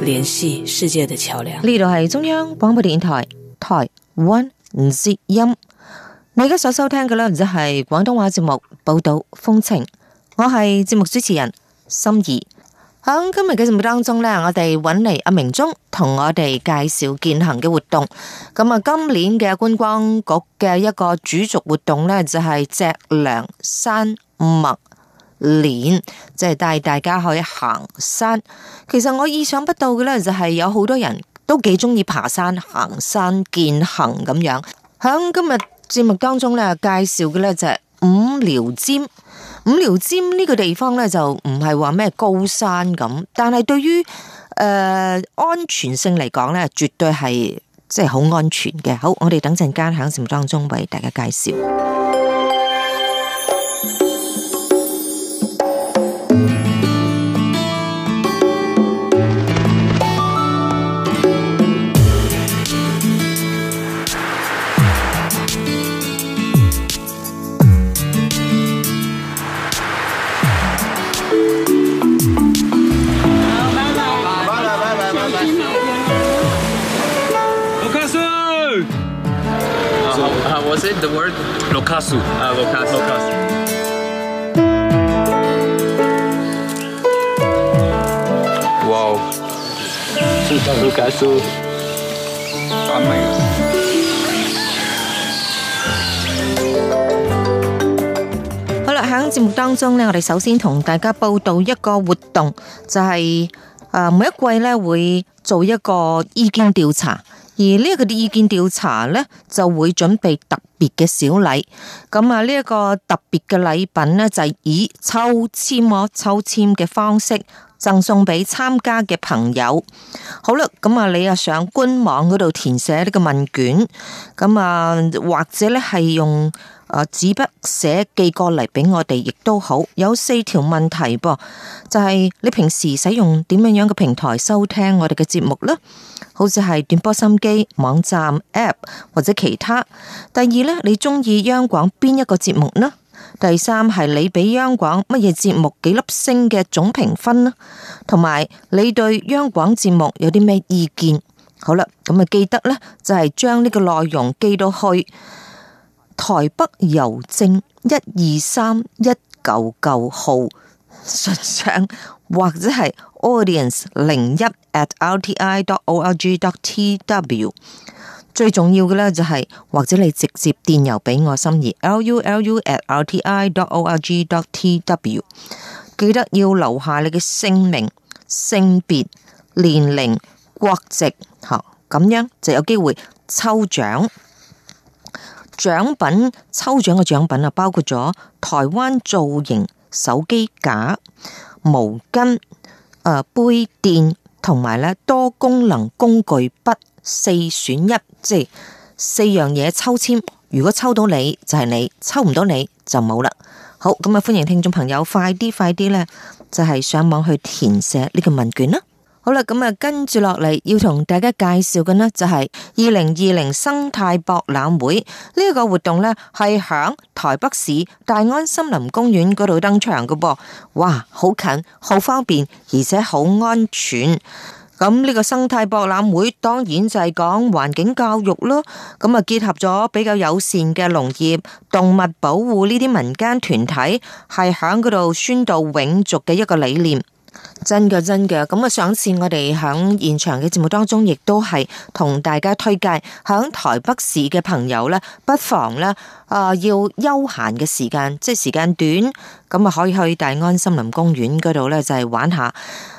聯繫世界的橋樑。呢度係中央廣播電台台灣之音。你而家所收聽嘅呢，就係廣東話節目《報道風情》。我係節目主持人心儀。喺今日嘅節目當中呢，我哋揾嚟阿明忠同我哋介紹健行嘅活動。咁啊，今年嘅觀光局嘅一個主軸活動呢，就係脊樑山脈。連即係帶大家去行山。其實我意想不到嘅呢，就係有好多人都幾中意爬山、行山、健行咁樣。響今日節目當中呢，介紹嘅呢就係五寮尖。五寮尖呢個地方呢，就唔係話咩高山咁，但係對於誒、呃、安全性嚟講呢，絕對係即係好安全嘅。好，我哋等陣間喺節目當中為大家介紹。Locasu，啊 Locasu，Locasu。哇，真係 Locasu，好啊。好啦，喺節目當中呢，我哋首先同大家報道一個活動，就係誒每一季呢會做一個意見調查。而呢一個啲意見調查呢，就會準備特別嘅小禮，咁啊呢一個特別嘅禮品呢，就係以抽籤啊抽籤嘅方式贈送俾參加嘅朋友。好啦，咁啊你啊上官網嗰度填寫呢個問卷，咁啊或者咧係用。啊！紙筆寫寄過嚟俾我哋，亦都好。有四條問題噃，就係你平時使用點樣樣嘅平台收聽我哋嘅節目呢？好似係短波收音機、網站、App 或者其他。第二呢，你中意央廣邊一個節目呢？第三係你俾央廣乜嘢節目幾粒星嘅總評分呢？同埋你對央廣節目有啲咩意見？好啦，咁啊記得呢，就係將呢個內容寄到去。台北郵政一二三一九九號信箱，或者係 Audience 零一 at rti dot org dot tw。最重要嘅咧就係，或者你直接電郵俾我心儀 lulu at rti dot org dot tw。記得要留下你嘅姓名、性別、年齡、國籍，吓咁樣就有機會抽獎。獎品，抽獎嘅獎品啊，包括咗台灣造型手機架、毛巾、誒、呃、杯墊，同埋咧多功能工具筆四選一，即係四樣嘢抽籤。如果抽到你就係、是、你，抽唔到你就冇啦。好，咁啊，歡迎聽眾朋友快啲快啲咧，就係、是、上網去填寫呢個問卷啦。好啦，咁啊，跟住落嚟要同大家介紹嘅呢，就係二零二零生態博覽會呢個活動呢，係響台北市大安森林公園嗰度登場嘅噃。哇，好近，好方便，而且好安全。咁呢個生態博覽會當然就係講環境教育咯。咁啊，結合咗比較友善嘅農業、動物保護呢啲民間團體，係響嗰度宣導永續嘅一個理念。真嘅真嘅，咁啊上次我哋響現場嘅節目當中，亦都係同大家推介響台北市嘅朋友咧，不妨咧啊，要休閒嘅時間，即係時間短，咁啊可以去大安森林公園嗰度咧就係玩下，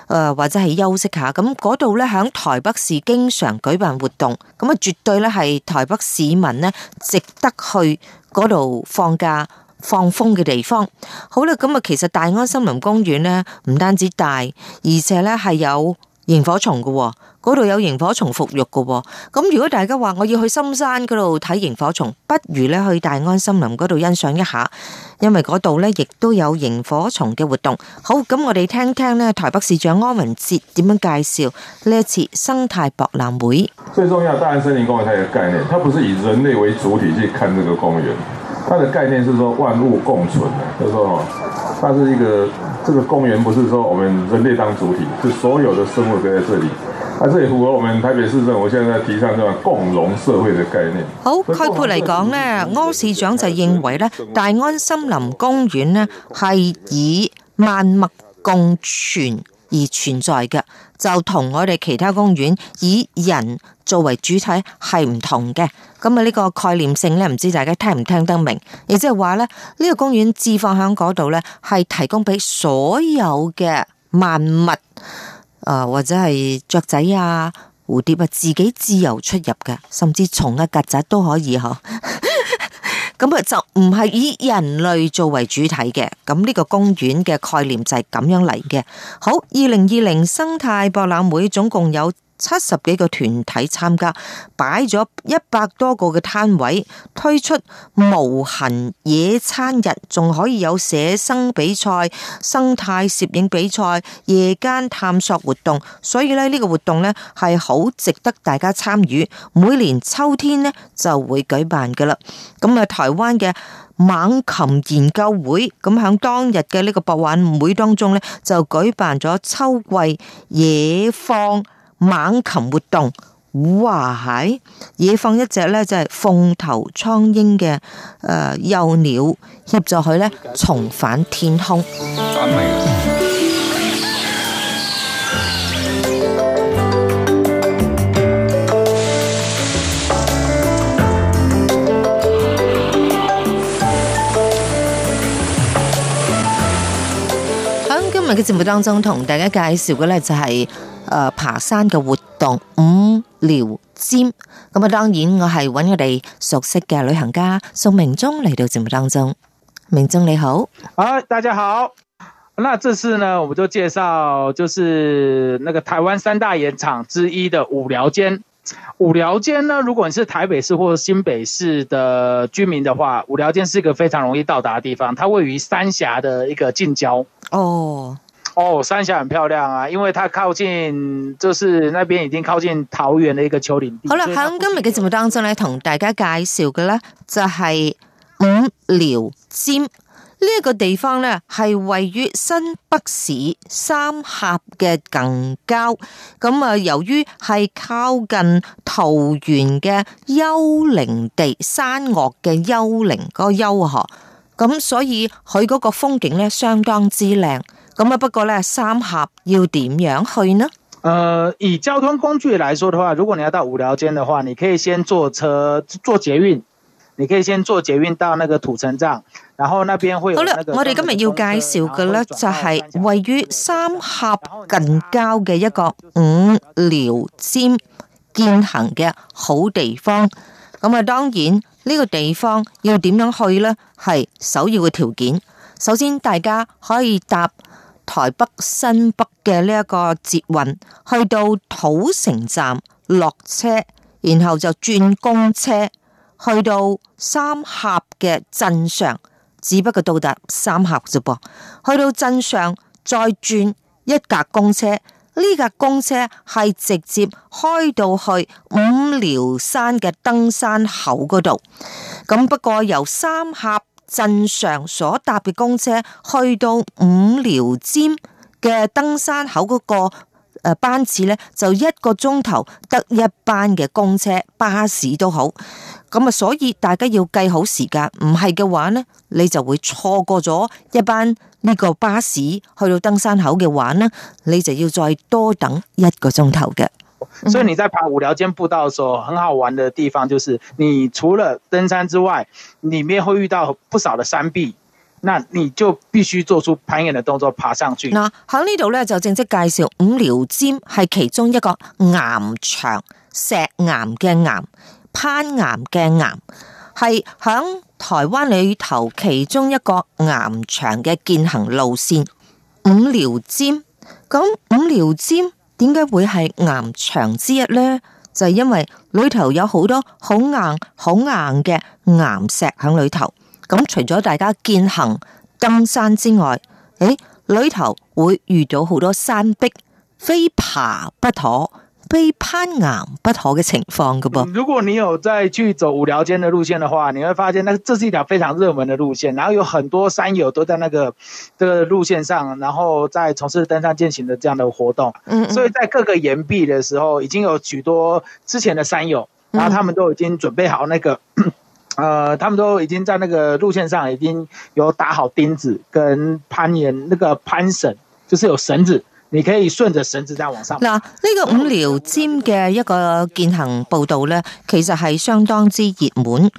誒或者係休息下，咁嗰度咧響台北市經常舉辦活動，咁啊絕對咧係台北市民咧值得去嗰度放假。放風嘅地方，好啦，咁啊，其實大安森林公園呢，唔單止大，而且呢係有螢火蟲嘅，嗰度有螢火蟲復育嘅，咁如果大家話我要去深山嗰度睇螢火蟲，不如呢去大安森林嗰度欣賞一下，因為嗰度呢亦都有螢火蟲嘅活動。好，咁我哋聽聽呢台北市長柯文哲點樣介紹呢一次生態博覽會。最重要，大安森林公園係一個概念，它不是以人類為主體去看這個公園。它的概念是說萬物共存嘅，就是話，它是一個，這個公園不是說我們人類當主體，就是所有的生物都喺這裏，而、啊、這也符合我們台北市政府現在在提倡嘅共融社會嘅概念。好，概括嚟講呢，柯市長就認為呢，大安森林公園呢係以萬物共存而存在嘅，就同我哋其他公園以人作為主體係唔同嘅。咁啊，呢個概念性咧，唔知大家聽唔聽得明？亦即係話咧，呢、這個公園置放喺嗰度咧，係提供俾所有嘅萬物啊、呃，或者係雀仔啊、蝴蝶啊，自己自由出入嘅，甚至蟲啊、曱甴都可以嗬。咁啊，就唔係以人類作為主體嘅。咁、這、呢個公園嘅概念就係咁樣嚟嘅。好，二零二零生態博覽會總共有，七十幾個團體參加，擺咗一百多個嘅攤位，推出無痕野餐日，仲可以有寫生比賽、生態攝影比賽、夜間探索活動，所以咧呢個活動呢，係好值得大家參與。每年秋天呢，就會舉辦噶啦。咁啊，台灣嘅猛禽研究會咁響當日嘅呢個博覽會當中呢，就舉辦咗秋季野放。猛禽活動，哇！喺野放一隻咧，就係鳳頭蒼鷹嘅誒幼鳥入咗去咧，重返天空。喺今日嘅節目當中，同大家介紹嘅咧就係，爬山嘅活動五寮尖，咁啊，當然我係揾我哋熟悉嘅旅行家宋明忠嚟到節目當中。明忠你好，誒，大家好。那這次呢，我們就介紹就是那個台灣三大岩場之一嘅五寮尖。五寮尖呢，如果你是台北市或者新北市的居民嘅話，五寮尖是一個非常容易到達嘅地方，它位於三峽嘅一個近郊。哦。哦，三峽很漂亮啊，因為它靠近，就是那邊已經靠近桃園的一個丘陵。好啦了，響今日嘅節目當中咧，同大家介紹嘅咧就係五寮尖呢一、這個地方咧，係位於新北市三峽嘅近郊咁啊。由於係靠近桃園嘅幽靈地山岳嘅幽靈嗰、那個幽河，咁所以佢嗰個風景咧相當之靚。咁啊，不過咧，三峽要點樣去呢？誒、呃，以交通工具來說的話，如果你要到五寮尖的話，你可以先坐車坐捷運，你可以先坐捷運到那個土城站，然後那邊會有、那個。好啦的，我哋今日要介紹嘅咧就係位於三峽近郊嘅一個五寮尖健行嘅好地方。咁啊，當然呢個地方要點樣去呢？係首要嘅條件。首先大家可以搭，台北新北嘅呢一個捷運去到土城站落車，然後就轉公車去到三峽嘅鎮上，只不過到達三峽啫噃，去到鎮上再轉一架公車，呢架公車係直接開到去五寮山嘅登山口嗰度，咁不過由三峽。鎮上所搭嘅公車去到五寮尖嘅登山口嗰個誒班次咧，就一個鐘頭得一班嘅公車，巴士都好。咁啊，所以大家要計好時間，唔係嘅話咧，你就會錯過咗一班呢個巴士去到登山口嘅話咧，你就要再多等一個鐘頭嘅。所以你在爬五寮尖步道嘅時候，很好玩的地方就是，你除了登山之外，你裡面會遇到不少的山壁，那你就必須做出攀岩的動作爬上去。嗱，響呢度咧就正式介紹五寮尖係其中一個岩場、石岩嘅岩攀岩嘅岩，係響台灣裡頭其中一個岩場嘅健行路線五寮尖。咁五寮尖。點解會係岩場之一咧？就係、是、因為裏頭有好多好硬、好硬嘅岩石喺裏頭。咁除咗大家健行登山之外，誒、哎，裏頭會遇到好多山壁，非爬不可。非攀岩不可嘅情況嘅噃、嗯，如果你有再去走五寮尖的路線的話，你會發現，那這是一條非常熱門的路線，然後有很多山友都在那個這個路線上，然後在從事登山健行的這樣的活動。嗯，嗯，所以在各個岩壁的時候，已經有許多之前的山友，然後他們都已經準備好那個，嗯、呃，他們都已經在那個路線上已經有打好釘子，跟攀岩那個攀繩，就是有繩子。你可以順着繩子再往上爬。嗱，這個五寮尖的一個健行步道呢，其實是相當之熱門。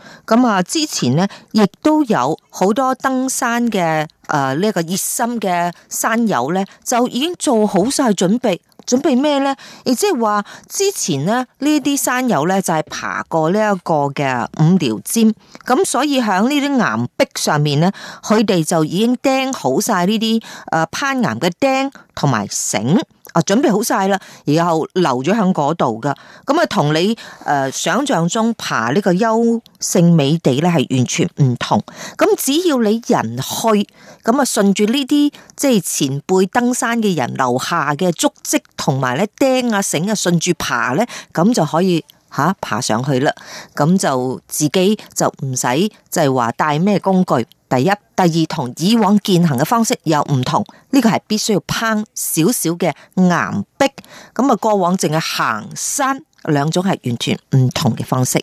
之前呢也有很多登山的呃，這個熱心的山友呢，就已經做好晒準備。準備咩咧？亦即係話之前咧，呢啲山友咧就係爬過呢一個嘅五寮尖，咁所以喺呢啲岩壁上面咧，佢哋就已經釘好晒呢啲誒攀岩嘅釘同埋繩。啊，準備好晒啦，然後留咗喺嗰度噶，咁啊同你誒、呃、想象中爬呢個優勝美地咧係完全唔同，咁只要你人去，咁啊順住呢啲即係前輩登山嘅人留下嘅足跡同埋咧釘啊繩啊，順住爬咧，咁就可以吓、啊、爬上去啦，咁就自己就唔使就係話帶咩工具。第一、第二同以往健行嘅方式又唔同，呢個係必須要攀少少嘅岩壁。咁啊，過往淨係行山兩種係完全唔同嘅方式。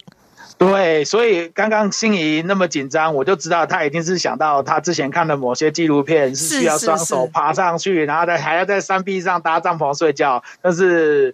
對，所以剛剛心儀那麼緊張，我就知道他已經是想到，他之前看的某些紀錄片是需要雙手爬上去，然後呢，還要在山壁上搭帳篷睡覺，但是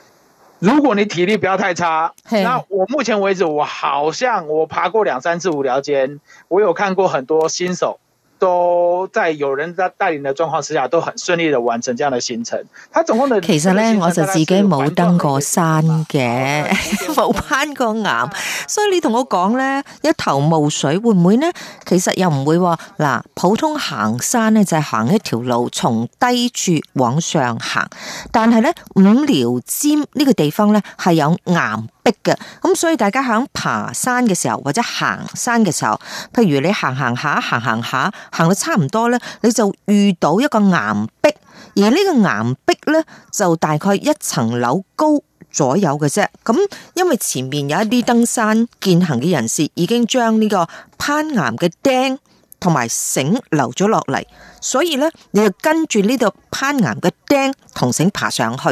如果你體力不要太差，嘿那我目前為止，我好像我爬過兩三次五寮尖，我有看過很多新手。都在有人在帶領的狀況之下，都很順利的完成這樣的行程。他總共其實呢，我就自己冇登過山嘅，冇攀、嗯嗯嗯、過岩，嗯、所以你同我講呢，一頭霧水會唔會呢？其實又唔會，哦。嗱，普通行山呢，就係行一條路從低處往上行，但係呢，五寮尖呢個地方呢，係有岩。逼嘅，咁所以大家喺爬山嘅時候或者行山嘅時候，譬如你行行下，行行下，行到差唔多咧，你就遇到一個岩壁，而呢個岩壁咧就大概一層樓高左右嘅啫。咁因為前面有一啲登山健行嘅人士已經將呢個攀岩嘅釘同埋繩留咗落嚟，所以咧你就跟住呢度攀岩嘅釘同繩爬上去。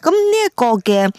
咁呢一個嘅，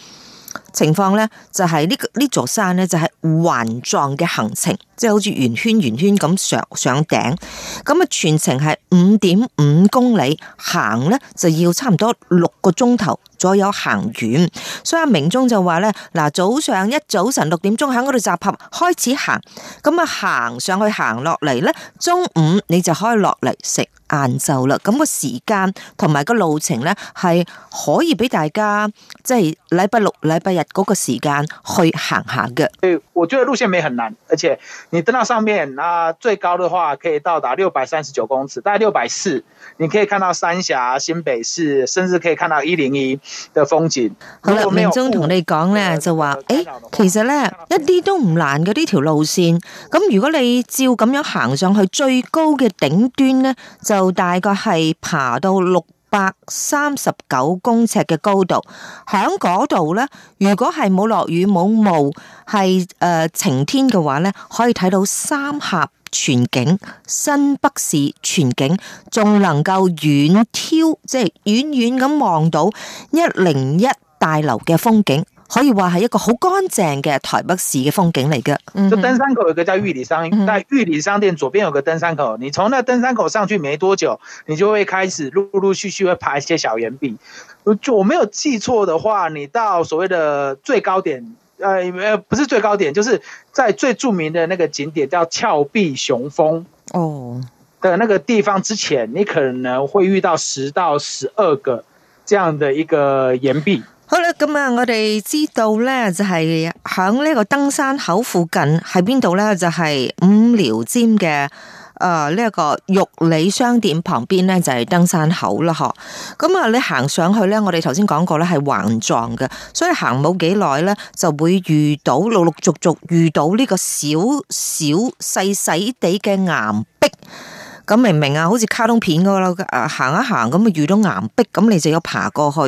情況呢就係呢個呢座山呢就係環狀嘅行程，即係好似圓圈圓圈咁上上頂，咁啊全程係五點五公里，行呢就要差唔多六個鐘頭。所有行遠，所以阿明忠就話咧，嗱早上一早晨六點鐘喺嗰度集合，開始行，咁啊行上去行落嚟咧，中午你就可以落嚟食晏晝啦。咁個時間同埋個路程咧，係可以俾大家即係禮拜六、禮拜日嗰個時間去行下嘅。我覺得路線沒很難，而且你登到上面，啊最高的話可以到達六百三十九公尺，大概六百四，你可以看到三峽、新北市，甚至可以看到一零一。嘅風箭，好啦，命中同你講咧，就話，誒、欸，其實咧一啲都唔難嘅呢條路線，咁如果你照咁樣行上去最高嘅頂端咧，就大概係爬到六百三十九公尺嘅高度，喺嗰度咧，如果係冇落雨冇霧係誒晴天嘅話咧，可以睇到三峽。全景新北市全景，仲能夠遠眺，即係遠遠咁望到一零一大樓嘅風景，可以話係一個好乾淨嘅台北市嘅風景嚟嘅。嗯，就登山口有一個叫玉里商店，嗯、哼但係玉里商店左邊有個登山口，嗯、哼你從那登山口上去，沒多久你就會開始陸陸續續會爬一些小岩壁，就我沒有記錯的話，你到所謂的最高點。誒、呃，不是最高點，就是在最著名的那個景點叫峭壁雄峰哦，的那個地方之前，你可能會遇到十到十二個這樣的一個岩壁。好啦，咁啊，我哋知道咧，就係響呢個登山口附近喺邊度咧？就係、是、五寮尖嘅。誒，呢一、呃這個玉里商店旁邊咧就係登山口啦，嗬。咁啊，你行上去咧，我哋頭先講過咧係環狀嘅，所以行冇幾耐咧就會遇到陸陸續續遇到呢個小小細細地嘅岩壁。咁明明啊，好似卡通片咁咯，啊，行一行咁啊，遇到岩壁咁，你就要爬過去。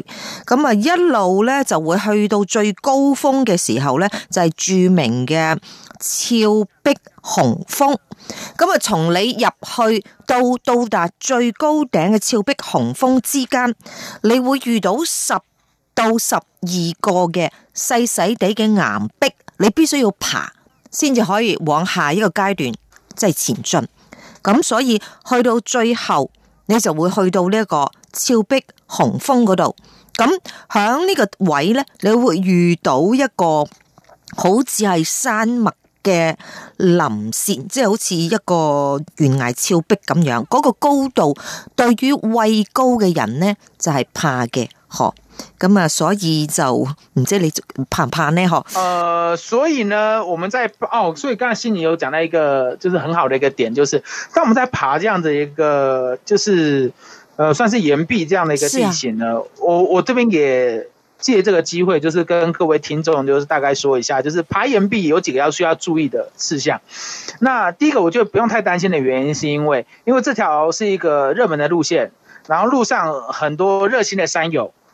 咁啊，一路咧就會去到最高峰嘅時候咧，就係、是、著名嘅峭壁紅峰。咁啊，從你入去到到達最高頂嘅峭壁紅峰之間，你會遇到十到十二個嘅細細地嘅岩壁，你必須要爬先至可以往下一個階段即係、就是、前進。咁所以去到最後，你就會去到呢一個峭壁雄峰嗰度。咁響呢個位咧，你會遇到一個好似係山脈嘅稜線，即係好似一個懸崖峭壁咁樣。嗰個高度，對於畏高嘅人咧，就係怕嘅，嗬。咁啊，所以就唔知你怕唔怕呢？嗬，呃，所以呢，我們在哦，所以剛才心裏有講到一個，就是很好的一個點，就是當我們在爬這樣的一個，就是，呃，算是岩壁這樣的一個地形呢。啊，我我這邊也借這個機會，就是跟各位聽眾，就是大概說一下，就是爬岩壁有幾個要需要注意的事項。那第一個，我覺得不用太擔心的原因，是因為因為這條是一個熱門的路線，然後路上很多熱心的山友。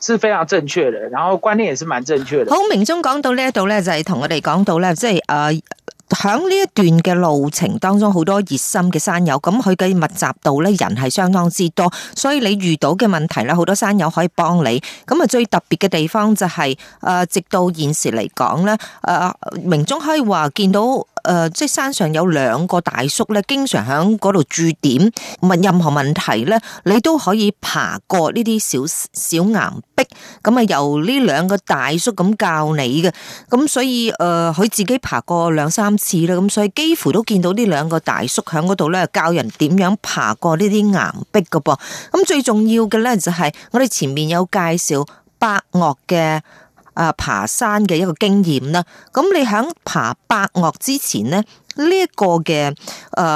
是非常正確的，然後觀念也是蠻正確的。好，明宗講到呢一度咧，就係、是、同我哋講到咧，即係誒，喺呢、呃、一段嘅路程當中，好多熱心嘅山友，咁佢嘅密集度咧，人係相當之多，所以你遇到嘅問題咧，好多山友可以幫你。咁啊，最特別嘅地方就係、是、誒、呃，直到現時嚟講咧，誒、呃，明宗可以話見到。誒、呃，即係山上有兩個大叔咧，經常喺嗰度駐點，問任何問題咧，你都可以爬過呢啲小小岩壁，咁、嗯、啊由呢兩個大叔咁教你嘅，咁、嗯、所以誒佢、呃、自己爬過兩三次啦，咁、嗯、所以幾乎都見到呢兩個大叔喺嗰度咧教人點樣爬過呢啲岩壁嘅噃，咁、嗯、最重要嘅咧就係、是、我哋前面有介紹百岳嘅。啊！爬山嘅一個經驗啦，咁你喺爬百岳之前呢，呢、這、一個嘅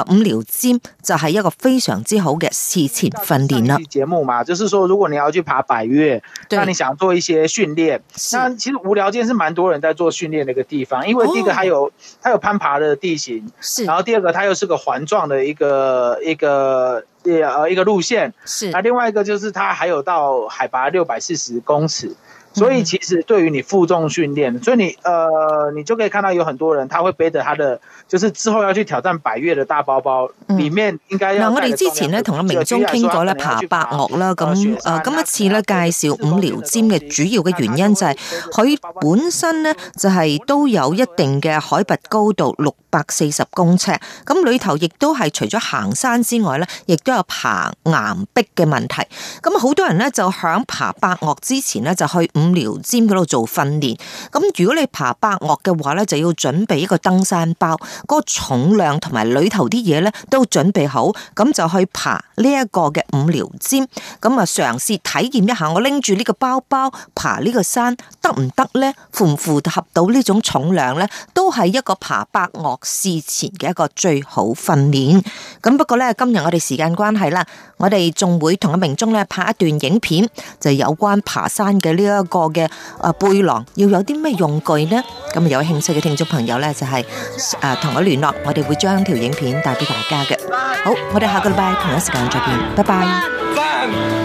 五寮尖就係一個非常之好嘅事前訓練啦。節目嘛，就是說如果你要去爬百岳，對那你想做一些訓練，那其實五寮尖是蠻多人在做訓練的一個地方。因為第一個，它有、哦、它有攀爬的地形，是然後第二個，它又是一個環狀的一個一個一個，一個路線，是。啊，另外一個就是它還有到海拔六百四十公尺。所以其實對於你負重訓練，所以你，呃，你就可以看到有很多人，他會背着他的，就是之後要去挑戰百岳的大包包，裏面應該有。嗱、嗯，嗯、我哋之前咧同阿明宗傾過咧，爬百岳啦，咁，誒那，咁一、啊、次咧介紹五寮尖嘅主要嘅原因就係、是，佢、嗯、本身咧就係、是、都有一定嘅海拔高度，六百四十公尺，咁裏頭亦都係除咗行山之外咧，亦都有爬岩壁嘅問題，咁好多人咧就響爬百岳之前咧就去。五寮尖嗰度做訓練，咁如果你爬百岳嘅話咧，就要準備一個登山包，個重量同埋裡頭啲嘢咧都準備好，咁就去爬呢一個嘅五寮尖，咁啊嘗試體驗一下，我拎住呢個包包爬呢個山得唔得呢？符唔符合到呢種重量呢？都係一個爬百岳事前嘅一個最好訓練。咁不過呢，今日我哋時間關係啦，我哋仲會同阿明忠咧拍一段影片，就有關爬山嘅呢一。個嘅啊背囊要有啲咩用具呢？咁有興趣嘅聽眾朋友咧，就係、是、啊同我聯絡，我哋會將條影片帶俾大家嘅。好，我哋下個禮拜、啊、同一時間再見，啊、拜拜。班